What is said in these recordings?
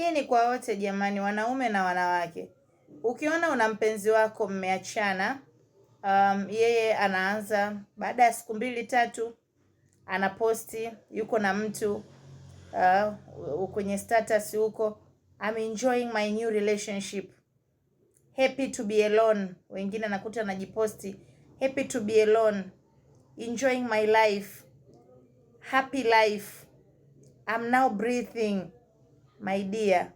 Hii ni kwa wote jamani, wanaume na wanawake. Ukiona una mpenzi wako mmeachana, um, yeye anaanza baada ya siku mbili tatu anaposti yuko na mtu uh, kwenye status huko I'm enjoying my new relationship. Happy to be alone. Wengine nakuta najiposti happy to be alone. Enjoying my life. Happy life. I'm now breathing my dear,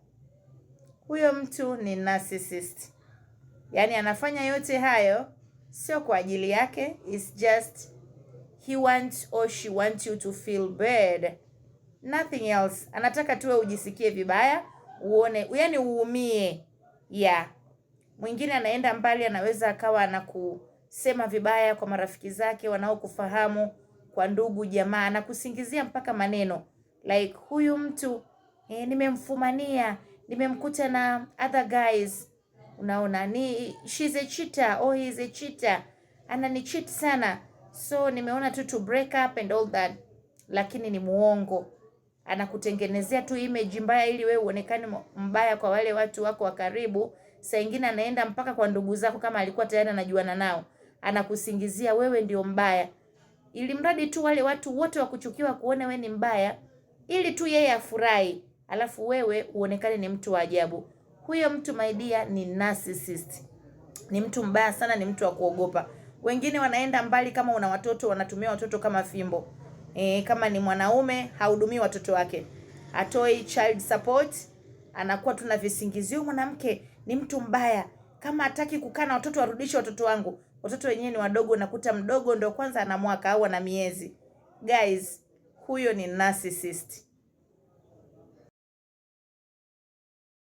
huyo mtu ni narcissist. Yaani anafanya yote hayo sio kwa ajili yake, it's just he wants or she wants you to feel bad, nothing else. Anataka tuwe ujisikie vibaya, uone yani uumie. Yeah. Mwingine anaenda mbali, anaweza akawa anakusema vibaya kwa marafiki zake wanaokufahamu, kwa ndugu, jamaa, na kusingizia mpaka maneno like huyu mtu e, nimemfumania, nimemkuta na other guys. Unaona ni she's a cheater or oh, he's a cheater, anani cheat sana, so nimeona tu to break up and all that, lakini ni muongo anakutengenezea tu image mbaya ili wewe uonekane mbaya kwa wale watu wako wa karibu. Saa ingine anaenda mpaka kwa ndugu zako, kama alikuwa tayari anajuana nao, anakusingizia wewe ndio mbaya, ili mradi tu wale watu wote wakuchukiwa kuona wewe ni mbaya, ili tu yeye afurahi alafu wewe uonekane ni mtu wa ajabu. Huyo mtu my dear, ni narcissist, ni mtu mbaya sana, ni mtu wa kuogopa. Wengine wanaenda mbali, kama una watoto wanatumia watoto kama fimbo. E, kama ni mwanaume hahudumii watoto wake, atoi child support, anakuwa tu na visingizio, mwanamke ni mtu mbaya, kama hataki kukaa na watoto warudishe watoto wangu. Watoto wenyewe ni wadogo, nakuta mdogo ndio kwanza ana mwaka au ana miezi. Guys, huyo ni narcissist.